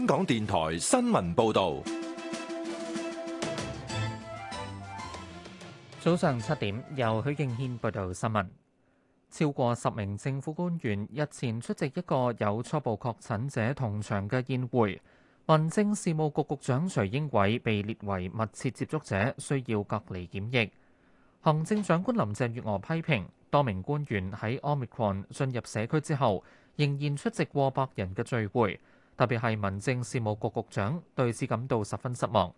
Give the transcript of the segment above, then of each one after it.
香港電台新聞報道，早上七點，由許敬軒報道新聞。超過十名政府官員日前出席一個有初步確診者同場嘅宴會，民政事務局局長徐英偉被列為密切接觸者，需要隔離檢疫。行政長官林鄭月娥批評多名官員喺 Omicron 進入社區之後，仍然出席過百人嘅聚會。特別係民政事務局局長對此感到十分失望。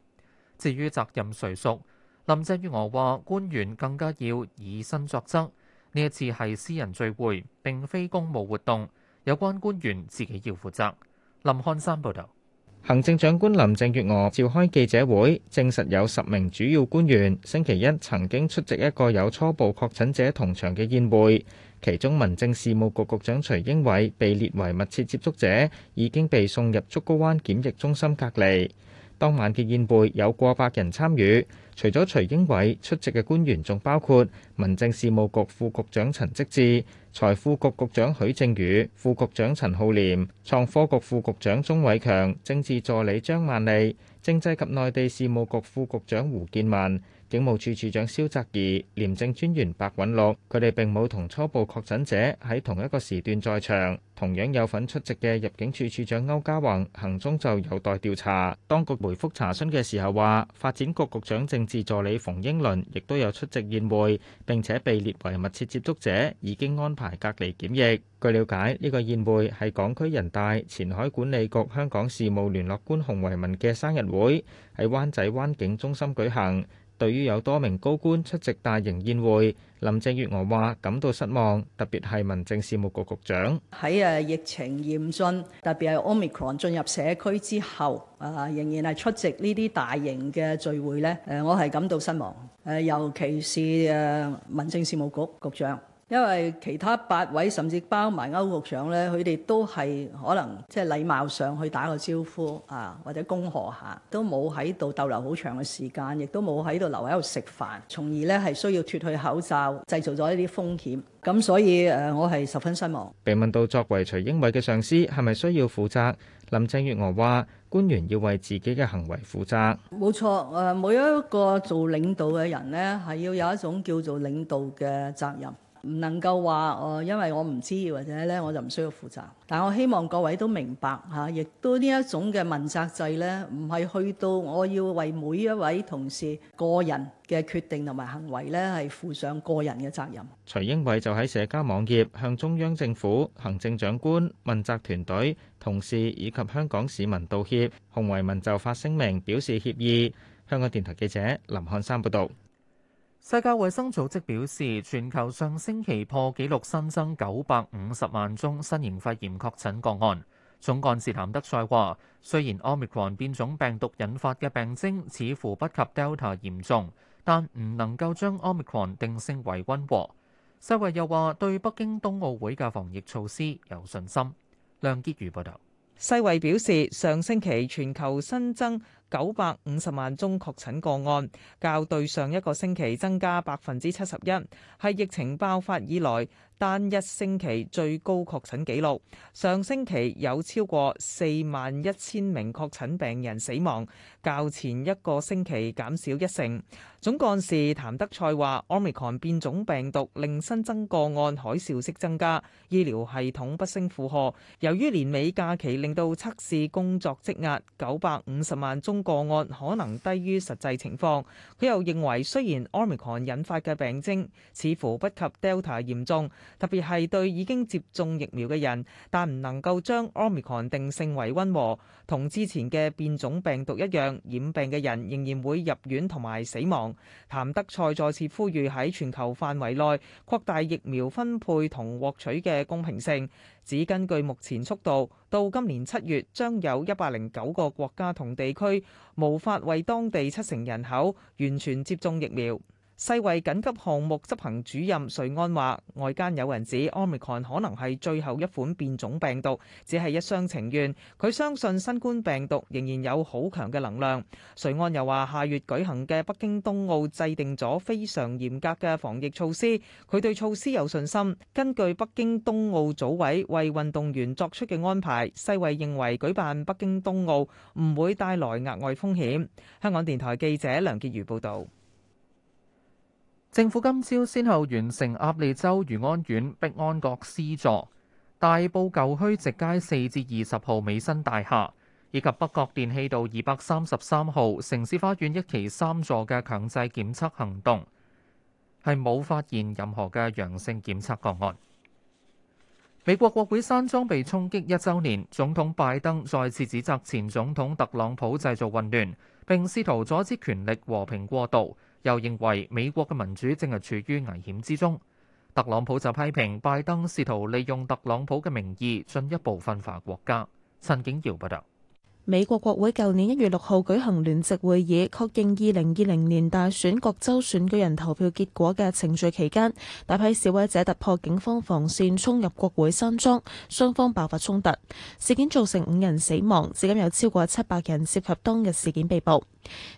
至於責任誰屬，林鄭月娥話：官員更加要以身作則。呢一次係私人聚會，並非公務活動，有關官員自己要負責。林漢山報導。行政長官林鄭月娥召開記者會，證實有十名主要官員星期一曾經出席一個有初步確診者同場嘅宴會，其中民政事務局局長徐英偉被列為密切接觸者，已經被送入竹篙灣檢疫中心隔離。當晚嘅宴會有過百人參與，除咗徐英偉出席嘅官員，仲包括民政事務局副局長陳積志、財庫局局長許正宇、副局長陳浩濂、創科局副局長鍾偉強、政治助理張曼莉、政制及內地事務局副局長胡健民。警務處處長蕭澤頤、廉政專員白韞六，佢哋並冇同初步確診者喺同一個時段在場。同樣有份出席嘅入境處處長歐家宏，行蹤就有待調查。當局回覆查詢嘅時候話，發展局局長政治助理馮英倫亦都有出席宴會，並且被列為密切接觸者，已經安排隔離檢疫。據了解，呢、這個宴會係港區人大前海管理局香港事務聯絡官洪為民嘅生日會，喺灣仔灣景中心舉行。對於有多名高官出席大型宴會，林鄭月娥話感到失望，特別係民政事務局局長喺誒疫情嚴峻，特別係 Omicron 進入社區之後，啊仍然係出席呢啲大型嘅聚會咧，誒我係感到失望，誒尤其是誒民政事務局局長。因為其他八位甚至包埋歐局長咧，佢哋都係可能即係禮貌上去打個招呼啊，或者恭賀下，都冇喺度逗留好長嘅時間，亦都冇喺度留喺度食飯，從而咧係需要脫去口罩，製造咗一啲風險。咁所以誒，我係十分失望。被問到作為徐英偉嘅上司係咪需要負責，林鄭月娥話：官員要為自己嘅行為負責。冇錯誒，每一個做領導嘅人呢，係要有一種叫做領導嘅責任。唔能夠話誒，因為我唔知或者咧，我就唔需要負責。但係我希望各位都明白嚇，亦都呢一種嘅問責制咧，唔係去到我要為每一位同事個人嘅決定同埋行為咧，係負上個人嘅責任。徐英偉就喺社交網頁向中央政府、行政長官問責團隊、同事以及香港市民道歉，洪為民就發聲明表示歉意。香港電台記者林漢山報道。世界衛生組織表示，全球上星期破紀錄新增九百五十萬宗新型肺炎確診個案。總幹事譚德塞話：雖然 Omicron 變種病毒引發嘅病徵似乎不及 Delta 嚴重，但唔能夠將 Omicron 定性為溫和。世衞又話對北京冬奧會嘅防疫措施有信心。梁潔如報導。世衞表示，上星期全球新增，九百五十萬宗確診個案，較對上一個星期增加百分之七十一，係疫情爆發以來單一星期最高確診紀錄。上星期有超過四萬一千名確診病人死亡，較前一個星期減少一成。總幹事譚德塞話：Omicron 變種病毒令新增個案海嘯式增加，醫療系統不勝負荷。由於年尾假期令到測試工作積壓，九百五十萬宗。個案可能低於實際情況，佢又認為雖然 Omicron 引發嘅病徵似乎不及 Delta 嚴重，特別係對已經接種疫苗嘅人，但唔能夠將 Omicron 定性為温和，同之前嘅變種病毒一樣，染病嘅人仍然會入院同埋死亡。譚德塞再次呼籲喺全球範圍內擴大疫苗分配同獲取嘅公平性。只根據目前速度，到今年七月，將有一百零九個國家同地區無法為當地七成人口完全接種疫苗。世衛緊急項目執行主任瑞安話，外間有人指 Omicron 可能係最後一款變種病毒，只係一廂情願。佢相信新冠病毒仍然有好強嘅能量。瑞安又話，下月舉行嘅北京冬奧制定咗非常嚴格嘅防疫措施，佢對措施有信心。根據北京冬奧組委為運動員作出嘅安排，世衛認為舉辦北京冬奧唔會帶來額外風險。香港電台記者梁潔如報道。政府今朝先後完成鴨脷洲漁安苑碧安閣 C 座、大埔舊墟直街四至二十號美新大廈以及北角電氣道二百三十三號城市花園一期三座嘅強制檢測行動，係冇發現任何嘅陽性檢測個案。美國國會山莊被衝擊一周年，總統拜登再次指責前總統特朗普製造混亂，並試圖阻止權力和平過渡。又認為美國嘅民主正係處於危險之中，特朗普就批評拜登試圖利用特朗普嘅名義進一步分化國家。陳景堯報道。美國國會舊年一月六號舉行聯席會議，確認二零二零年大選各州選舉人投票結果嘅程序期間，大批示威者突破警方防線衝入國會山莊，雙方爆發衝突，事件造成五人死亡，至今有超過七百人涉及當日事件被捕。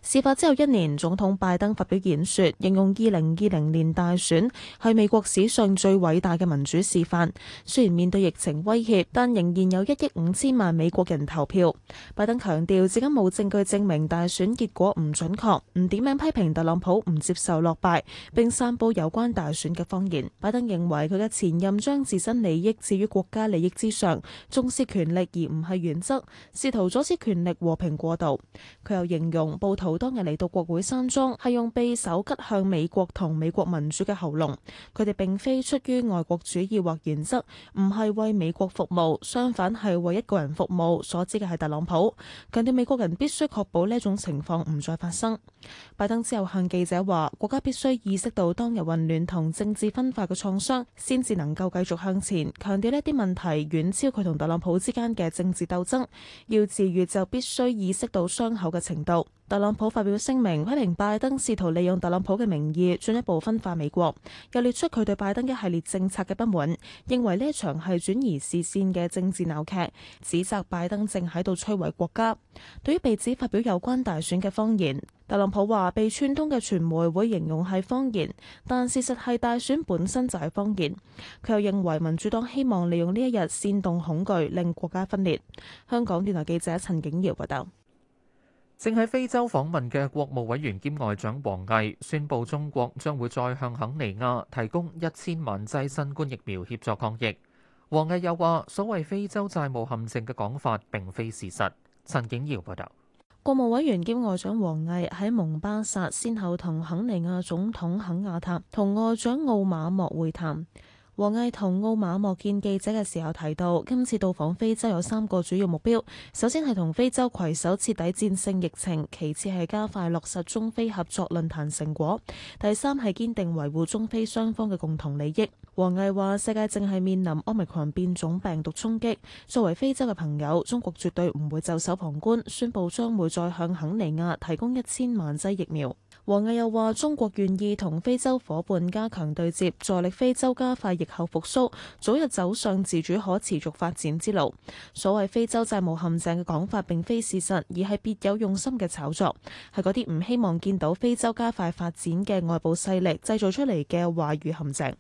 事發之後一年，總統拜登發表演說，形容二零二零年大選係美國史上最偉大嘅民主示範，雖然面對疫情威脅，但仍然有一億五千萬美國人投票。拜登強調，至今冇證據證明大選結果唔準確，唔點名批評特朗普唔接受落敗，並散布有關大選嘅謊言。拜登認為佢嘅前任將自身利益置於國家利益之上，重視權力而唔係原則，試圖阻止權力和平過渡。佢又形容暴徒當日嚟到國會山莊係用匕首刺向美國同美國民主嘅喉嚨，佢哋並非出於外國主義或原則，唔係為美國服務，相反係為一個人服務，所知嘅係特朗普。強調美國人必須確保呢種情況唔再發生。拜登之後向記者話：國家必須意識到當日混亂同政治分化嘅創傷，先至能夠繼續向前。強調呢啲問題遠超佢同特朗普之間嘅政治鬥爭，要治愈就必須意識到傷口嘅程度。特朗普發表聲明批評拜登試圖利用特朗普嘅名義進一步分化美國，又列出佢對拜登一系列政策嘅不滿，認為呢一場係轉移視線嘅政治鬧劇，指責拜登正喺度摧毀國家。對於被指發表有關大選嘅謊言，特朗普話被串通嘅傳媒會形容係謊言，但事實係大選本身就係謊言。佢又認為民主黨希望利用呢一日煽動恐懼，令國家分裂。香港電台記者陳景瑤報道。正喺非洲訪問嘅國務委員兼外長王毅宣布，中國將會再向肯尼亞提供一千萬劑新冠疫苗協助抗疫。王毅又話：所謂非洲債務陷阱嘅講法並非事實。陳景耀報道，國務委員兼外長王毅喺蒙巴薩先後同肯尼亞總統肯亞塔同外長奧馬莫會談。王毅同奧馬莫見記者嘅時候提到，今次到訪非洲有三個主要目標：首先係同非洲攜手徹底戰勝疫情；其次係加快落實中非合作論壇成果；第三係堅定維護中非雙方嘅共同利益。王毅話：世界正係面臨奧密克戎變種病毒衝擊。作為非洲嘅朋友，中國絕對唔會袖手旁觀。宣布將會再向肯尼亞提供一千萬劑疫苗。王毅又話：中國願意同非洲夥伴加強對接，助力非洲加快疫後復蘇，早日走上自主可持續發展之路。所謂非洲債務陷阱嘅講法，並非事實，而係別有用心嘅炒作，係嗰啲唔希望見到非洲加快發展嘅外部勢力製造出嚟嘅話語陷阱。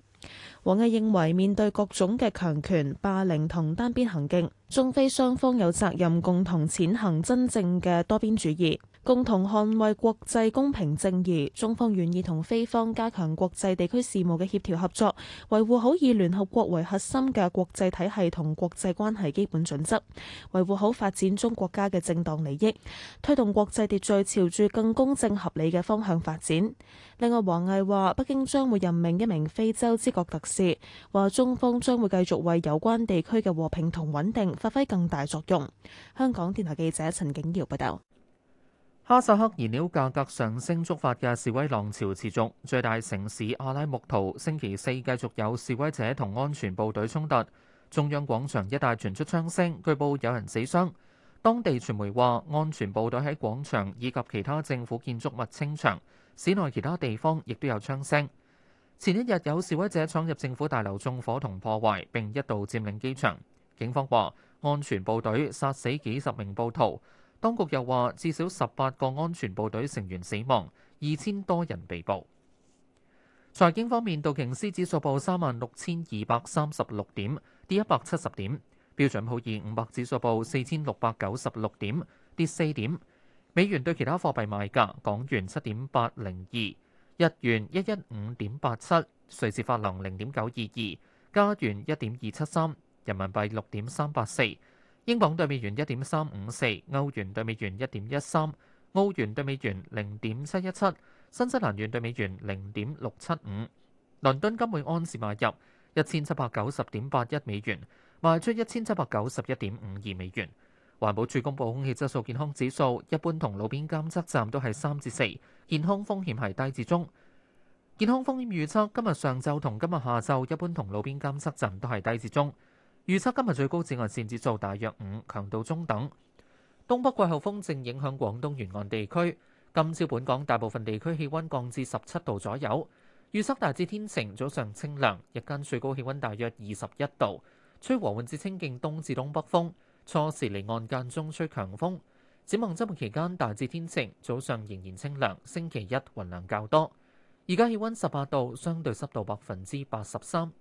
王毅認為，面對各種嘅強權、霸凌同單邊行徑，中非雙方有責任共同踐行真正嘅多邊主義。共同捍衛國際公平正義，中方願意同非方加強國際地區事務嘅協調合作，維護好以聯合國為核心嘅國際體系同國際關係基本準則，維護好發展中國家嘅正當利益，推動國際秩序朝住更公正合理嘅方向發展。另外，王毅話，北京將會任命一名非洲之國特使，話中方將會繼續為有關地區嘅和平同穩定發揮更大作用。香港電台記者陳景堯報道。哈薩克燃料價格上升觸發嘅示威浪潮持續，最大城市阿拉木圖星期四繼續有示威者同安全部隊衝突，中央廣場一帶傳出槍聲，據報有人死傷。當地傳媒話，安全部隊喺廣場以及其他政府建築物清場，市內其他地方亦都有槍聲。前一日有示威者闖入政府大樓縱火同破壞，並一度佔領機場。警方話，安全部隊殺死幾十名暴徒。當局又話，至少十八個安全部隊成員死亡，二千多人被捕。財經方面，道瓊斯指數報三萬六千二百三十六點，跌一百七十點；標準普爾五百指數報四千六百九十六點，跌四點。美元對其他貨幣賣價：港元七點八零二，日元一一五點八七，瑞士法郎零點九二二，加元一點二七三，人民幣六點三八四。英鎊對美元一點三五四，歐元對美元一點一三，澳元對美元零點七一七，新西蘭元對美元零點六七五。倫敦金每盎司買入一千七百九十點八一美元，賣出一千七百九十一點五二美元。環保署公布空氣質素健康指數，一般同路邊監測站都係三至四，健康風險係低至中。健康風險預測今日上晝同今日下晝，一般同路邊監測站都係低至中。預測今日最高紫外線指數大約五，強度中等。東北季候風正影響廣東沿岸地區。今朝本港大部分地區氣温降至十七度左右，預測大致天晴，早上清涼，日間最高氣温大約二十一度，吹和緩至清勁東至東北風，初時離岸間中吹強風。展望周末期間大致天晴，早上仍然清涼，星期一雲量較多。而家氣温十八度，相對濕度百分之八十三。